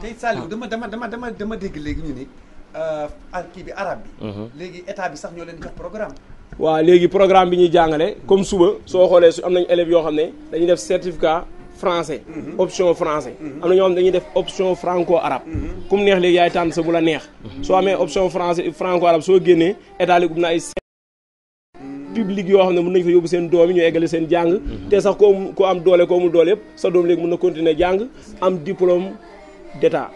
tey Saliou dama dama dama dama dama euh, kii bi arabe léegi état bi sax ñoo leen jox programme waaw léegi programme bi ñuy jàngale comme suba soo xoolee su am nañ élèves yoo xam ne dañu def certificat français option français am na ñoo xam dañuy def option franco arabe kum neex léegi yaay tànn sa bu la neex soo amee option français franco arabe soo génnee état léegi na ay public yoo xam ne mën nañ fa yóbbu seen doom yi ñu eggale seen jàng te sax koo koo am doole koo mu doole yëpp sa doom léegi mën na continuer jàng am diplôme d'état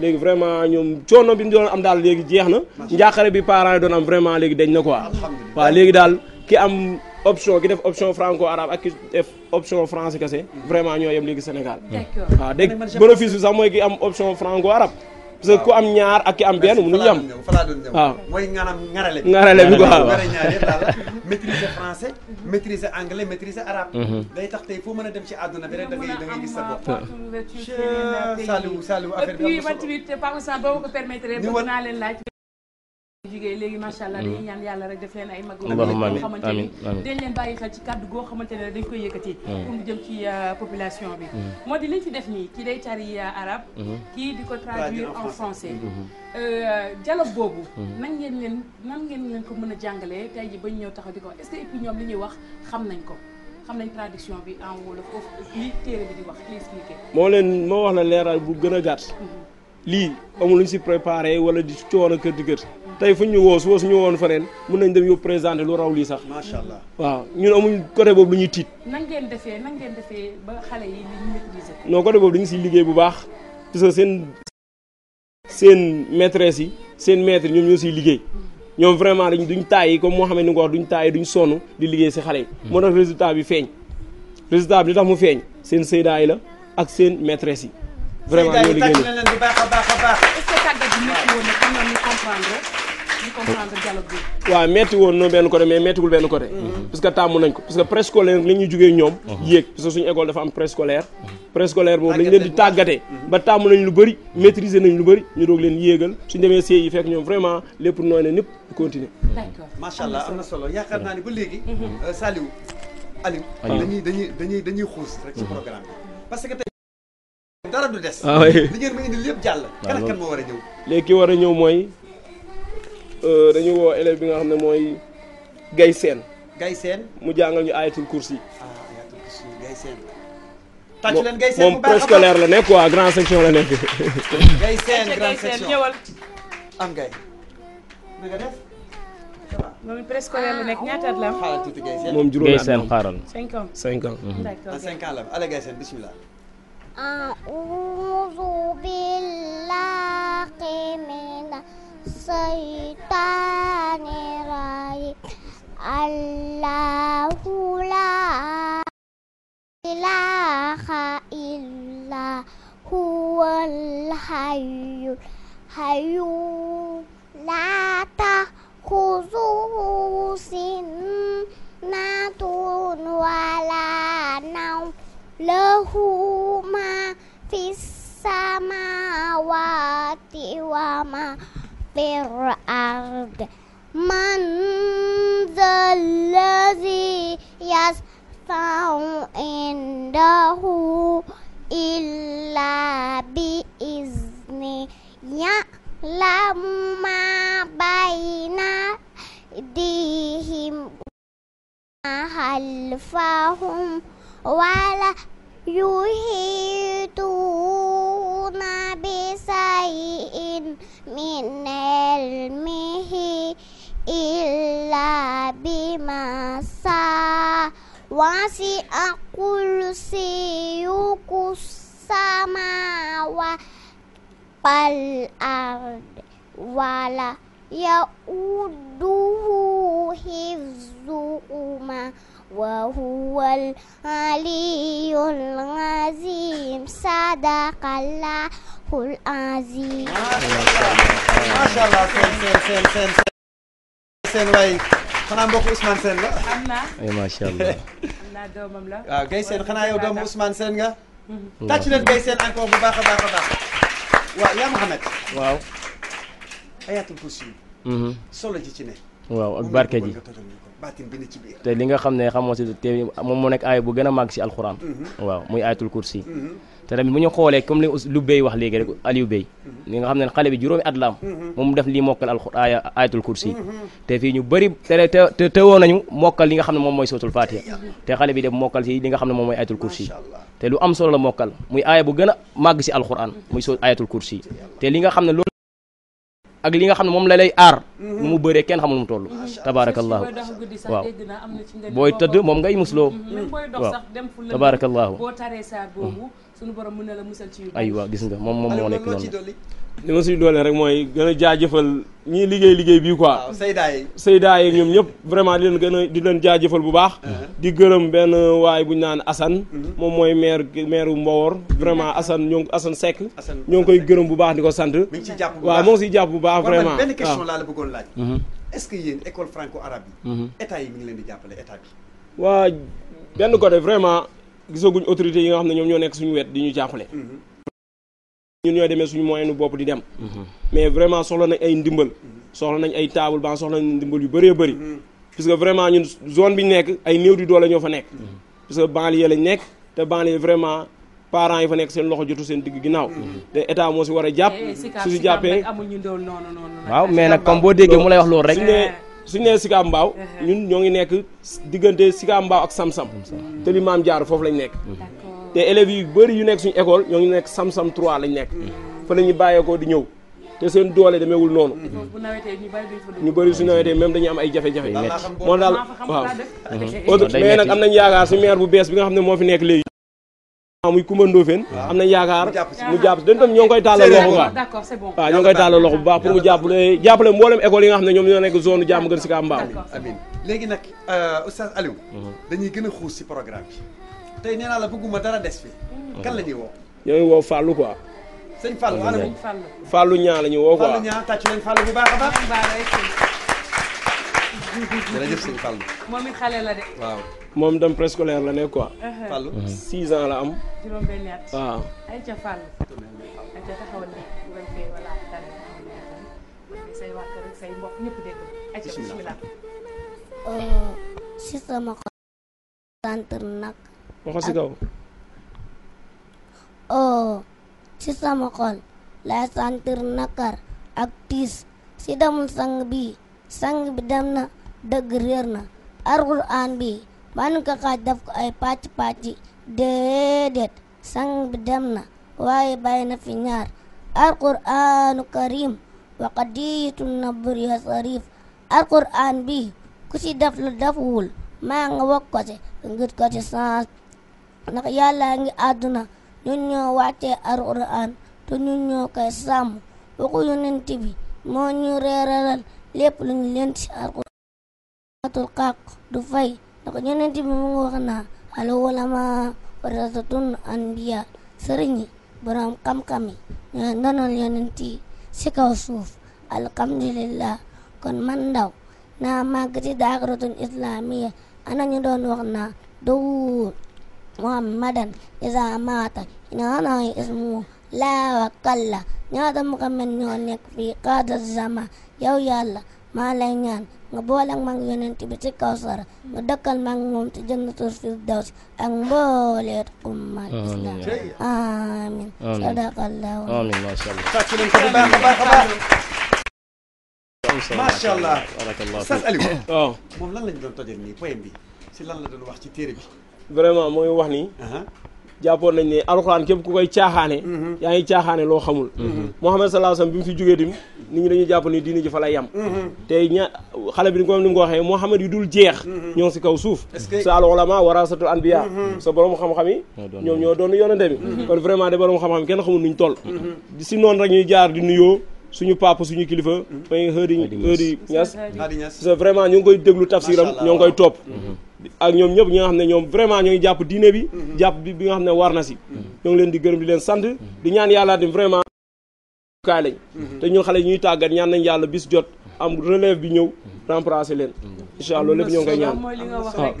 léegi vraiment ñoom coono bi ñu doon am daal léegi jeex na njàqare bi parents yi doon am vraiment léegi dañ na quoi waaw léegi daal ki am option ki def option franco arabe ak ki def option français kese vraiment ñoo yem léegi Sénégal. d'accord waaw dégg bénéfice bi sax mooy ki am option franco arabe. parce que ku am a dem ci àdduna bi da ngay da ngay gis sa bopp. waaw Saliou jigéen léegi macha allah mm. dañuy ñaan yàlla rek def leen ay mag yoo xamante ni dañ leen bàyyi xel ci kàddu goo xamante ne dañ koy yëkkati mm. pour mu jëm ci euh, population bi mm. moo di liñ fi def nii ci day tari euh, arab mm-hmm. kii di ko traduire en français mm-hmm. euh, dialogue boobu mm-hmm. nan ngeen leen ngeen leen ko mën a jàngalee tey ji bañ ñëw taxaw di ko ñoom li ñuy wax xam nañ ko xam nañ traduction bi en wolof foofu li téere bi di wax li expliqué moo leen moo wax la leeral bu gën a gàtt lii amul luñ si préparé wala di coono kër di kër tey fu ñu woo su ñu woon feneen mun nañ dem yóbbu présenté lu raw lii sax. allah waaw ñun amuñ côté boobu lu ñuy tiit. nan ngeen côté boobu dañu siy liggéey bu baax parce que seen seen maîtresse yi seen maître ñoom ñoo siy liggéey. ñoom vraiment dañ duñ tàyyi comme moo xam ne ni nga wax duñ tàyyi duñ sonn di liggéey si xale yi. Hmm. moo tax résultat bi feeñ résultat bi li tax mu feeñ seen seydaay la ak seen maîtresse yi. vraiment ñoo liggéey leen bu baax a baax a baax. est-ce na pour ñoom ñu comprendre ñu comprendre dialogue bi. waaw métti woon na benn côté mais méttiwul benn côté. Mm-hmm. parce que tàmm nañ ko parce que préscolaire li ñuy jugee ñoom. Mm-hmm. yéeg parce que suñu école dafa am préscolaire. Mm-hmm. préscolaire boobu dañ leen di tàggatee. ba tàmm nañ lu bëri maîtriser nañ lu bëri ñu doog leen yéegal suñ demee séy yi fekk ñoom vraiment lépp nooy na ñëpp continuer. d'accord macha am na solo yaakaar naa ni ba léegi. Euh, Saliou Aliou. dañuy dañuy dañuy dañuy xuus rek ci programme parce que dara du des. waaw li ngeen a ñëw. léegi war a ñëw mooy euh, dañu woo élève bi nga xam ne mooy Gaye Sène. Gaye mu jàngal ñu ayatul kursi. ah ayatul kursi Gaye Sène. moom préscolaire la nekk quoi grande section la nekk. [laughs] Gaye Sène grande section na moom préscolaire la nekk ah. ñaata at la am. moom juróomi at xaaral. أعوذ بالله من الشيطان الرجيم الله لا إله إلا هو الحي الحي لا تأخذه سنة ولا نوم له ما في السماوات وما في الأرض من ذا الذي يشفع عنده إلا بإذنه يعلم ما بين أيديهم وما خلفهم ولا يحيطون بشيء من علمه إلا بما شاء وسع كرسيه السماوات والأرض ولا يؤوده حفظهما وهو العلي العظيم صدق الله العظيم ما شاء الله seen seen seen seen waay xanaa mbokk Ousmane Sène la am na ma sha Allah am na doomam la waaw Guèye Sène xanaa yow doomu Ousmane Sène nga hmm. tàcc leen Guèye Sène encore bu baax a baax a baax waaw yaa Mouhamed waaw ayatul kursi hmm. solo ji ci ne waaw ak barke ji baatin bi ne ci biir. te li nga xam ne xamoo si te moom moo nekk bu gën a màgg si alxuraan. Mm-hmm. muy mm-hmm. li lu béy wax léegi rek Aliou Bey mm-hmm. li nga xam ne xale bi juróomi at la am moom def lii mokkal alxu aaya bu gën a alxuraan muy soot ayatul kursi te li nga xam ne ak li nga xam ne moom la lay aar nu mhm. mu bëree kenn xamul mu toll tabaarakallaahu waaw booy tëdd moom ngay musloo mhm. waaw tabaarakallaahu ay waaw gis nga moom moom moo nekk noonu li ma siy doole rek mooy gën a jaajëfal ñii liggéey liggéey bii quoi. waaw Seydaa ñoom ñëpp vraiment di leen gën a di leen jaajëfal bu baax. Uh-huh. di gërëm benn waay bu ñu naan Assane. Uh-huh. moom mooy maire maire Mbowor. vraiment uh-huh. Assane ñoo Assane Seck. ñoo ngi koy gërëm bu baax di ko sant. mi ngi ciy jàpp bu baax waaw moo ngi baax. vraiment waaw benn question laa la bëggoon laaj. est-ce que yéen école leen di jàppale état waa benn côté vraiment gisaguñ autorité yi nga xam ne ñoom ñoo nekk suñu wet di ñu jàppale ñun ñoo demee suñu moyen nu bopp di dem mhm. mais vraiment soxla nañ ay ndimbal soxla nañ ay table ban soxla nañ ndimbal yu bëree bëri mhm. parce que vraiment ñun zone bi ñu nekk ay néew di doole ñoo fa nekk mhm. parce que banlieue lañ nekk te banlieue vraiment parents yi fa nekk seen loxo jotu seen digg ginnaaw te état moo si war a jàpp eh, su si jàppee waaw mais nag comme boo déggee mu lay wax loolu rek suñu nee Sika Mbaaw eh, eh. ñun ñoo ngi nekk diggante Sika Mbaaw ak Sam Sam te li jaar foofu lañ nekk te élèves yu bëri yu nekk suñu école ñoo ngi nekk sam-sam 3 lañ nekk fa la ñu bàyyeekoo di ñëw te seen doole demeewul noonu ñu bëri su nawetee même dañuy am ay jafe-jafe moo daal waaw mhm. [laughs] mais nag am nañ yaakaar su maire bu bees bi nga xam ne moo fi nekk léegi ah, muy Coumba Ndofène am nañ yaakaar mu jàpp si dañ tam ah, ñoo ngi koy tàllal loxo bu baax waaw ñoo bu baax pour mu jàppale jàppale mboolem école yi nga xam ne ñoom ñoo nekk zone jàmm gën si kaa mbaaw euh, mhm. gën a xuus si programme bi tey nee naa la bëgguma dara des fi mm. kan la ñuy woo. ñooy woo Fallou quoi. sëñ Fallou ana mu Fallou ñaa la ñu woo quoi Fallou ñaa tàcc nañ Fallou bu baax a baax. jërëjëf sëñ Fallou. moom it xale la de. waaw moom dem préscolaire la ne quoi. Uh-huh. Fallou 6 mm-hmm. ans la am. juróom benni at waaw. ay ca Fallou. ay ca taxawal say wax rek say mbokk ñëpp dégg ay ca bismillah euh, si sama ko centre nag. waxal ci oh, sama xol laa sentir nakar ak tiis si damul sang bi sang bi dem na dëgg réer na alxuraan bi man ka xaaj daf ko ay pàcc pàcc déedéet sang bi dem na waaye bàyyi na fi ñaar alxuraanu karim wa qadiitu nabur ya sarif alxuraan bi ku ci def lu dafuwul maa nga wokk ko ci ngir ko ci sans ndax yàllaa ngi àdduna ñun ñoo wàccee alquran te ñun ñoo koy sàmm waxu yonent bi moo ñu reeralal lépp lu ñu leen ci alquran matul xaq du fay ndax yonent bi mu ngi wax naa al ulamaa warasatul anbiya sëriñ yi borom xam-xam yi ñoo ndonal yonent yi ci kaw suuf alhamdulillah kon man ndaw naa màgg ci daaratul islamiya ana ñu doon wax naa dawul محمدا إذا مات إنهنا اسمه لا وكلا ñaata muhammad ñoo nekk fii xaada zama yow yàlla maa lay ñaan nga boole mag yonent bi ci kawsara nga dëkkal mag moom ci jannatul firdaws ak mbooleet ummal islam amin sadaqallahu amin allah sàcc nañ ko bu baax a baax a baax masha allah doon tojal bi si lan wax ci téere bi vraiment mooy wax ni. Uh-huh. jàppoon nañ ne alxuraan képp ku koy caaxaane. Mm-hmm. yaa ngi caaxaane loo xamul. Mm-hmm. Muhammad sallallahu alayhi wasallam bi mu fi jógee dim nit ñi dañuy jàpp ni diini ji fa lay yam. Mm-hmm. te bi comme ni mu ko waxee Muhammad yu dul jeex. ñoo si kaw suuf. sa al ulama warasatul anbiya sa borom xam-xam yi. ñoom ñoo doon yonente bi. kon vraiment de borom xam-xam kenn xamul nuñ toll. si noon rek ñuy jaar di nuyoo. suñu papa suñu kilifa. mooy Hady Hady Niass. Hady Niass vraiment ñu ngi koy déglu tafsiram ñoo ngi koy topp. ak ñoom ñëpp ñi xam ne ñoom vraiment ñoo ngi jàpp diine bi mhm. jàpp bi bi nga xam ne war na si mhm. ñoo ngi leen di gërëm di leen sant mhm. di ñaan yàlla di vraiment kaay lañ te ñun xale ñuy tàggat ñaan nañ yàlla bis jot am relève bi ñëw remplacer leen incha allah lépp ñoo ngi koy ñaan mooy li nga wax rek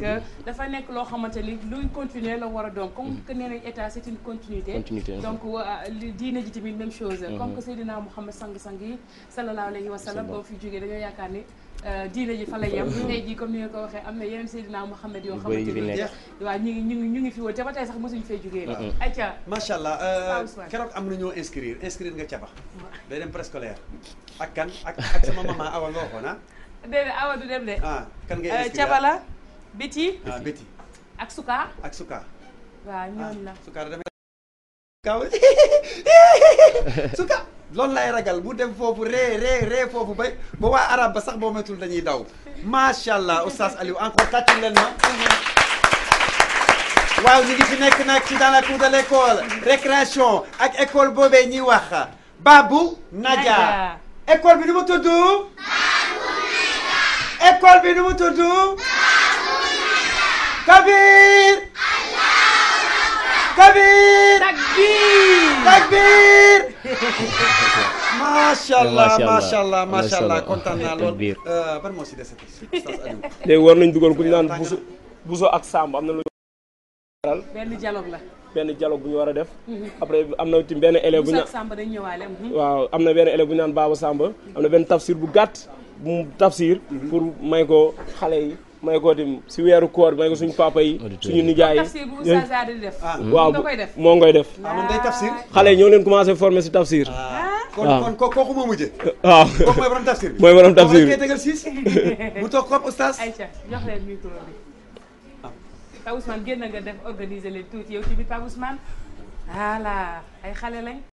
dafa nekk loo xamante ni luy continuer la war a doon comme que nee nañ état c'est une continuité donc euh, diine ji tamit même chose comme que Seydina Mouhamed sang-sang yi sallallahu alayhi wa fi jógee dañoo yaakaar Euh, diine ji fa la yem tey comme ni nga ko waxee am na yeneen Seydina Mouhamed yoo xamante ni waaw ñu ngi ñu ngi ñu ngi fi woon te ba tey sax mosuñu fee jógee allah euh, keroog am na ñoo inscrire inscrire nga caba day dem préscolaire ak kan ak ak sama maman awa nga waxoon ah déedéet awa du dem de ah, euh, caba la béti ah ak sukaar ak sukaar waaw ñooñu la ah, sukaar dama [laughs] kaw loolu lay ragal mu dem foofu ree ree ree foofu ba ba waa arab ba sax boo metul dañuy daw macha allah oustaz Aliou encore tàccu leen ma waaw ñu ngi fi nekk nag ci dans la cour de l' école récréation ak école boobee ñuy wax Babou Nadia école bi nu mu tudd école bi nu mu tudd kabir kabir takbir takbir macha allah macha allah kontaan naa lool eh, ban moo léegi war nañ dugal ku ñu naan buso buso ak sàmb am na lu waral benn dialogue la benn dialogue bu ñu war a def mhm. après am na tim benn élève bu ñu sàmb dañ ñëwaale mhm. am na benn élève bu ñu naan baaba sàmb am na benn tafsir bu gàtt bu tafsir mhm. pour may ko xale yi may ko tim si weeru koor may ko suñu papa yi. suñu nijaay yi ah. waaw moo ngoy def. ah man day tafsir. Ah. xale yi ñoo leen commencé formé si tafsir. Ah. waaw kon kon kooku moo mujjee. waaw kooku mooy borom tafsir bi. mooy borom tafsir bi tegal siis [laughs] mu toog comme oustaz. Aïcha jox leen micro bi. Pa Ousmane génn nga def organiser leen tuuti yow ci biir Pa Ousmane voilà ay xale lañ.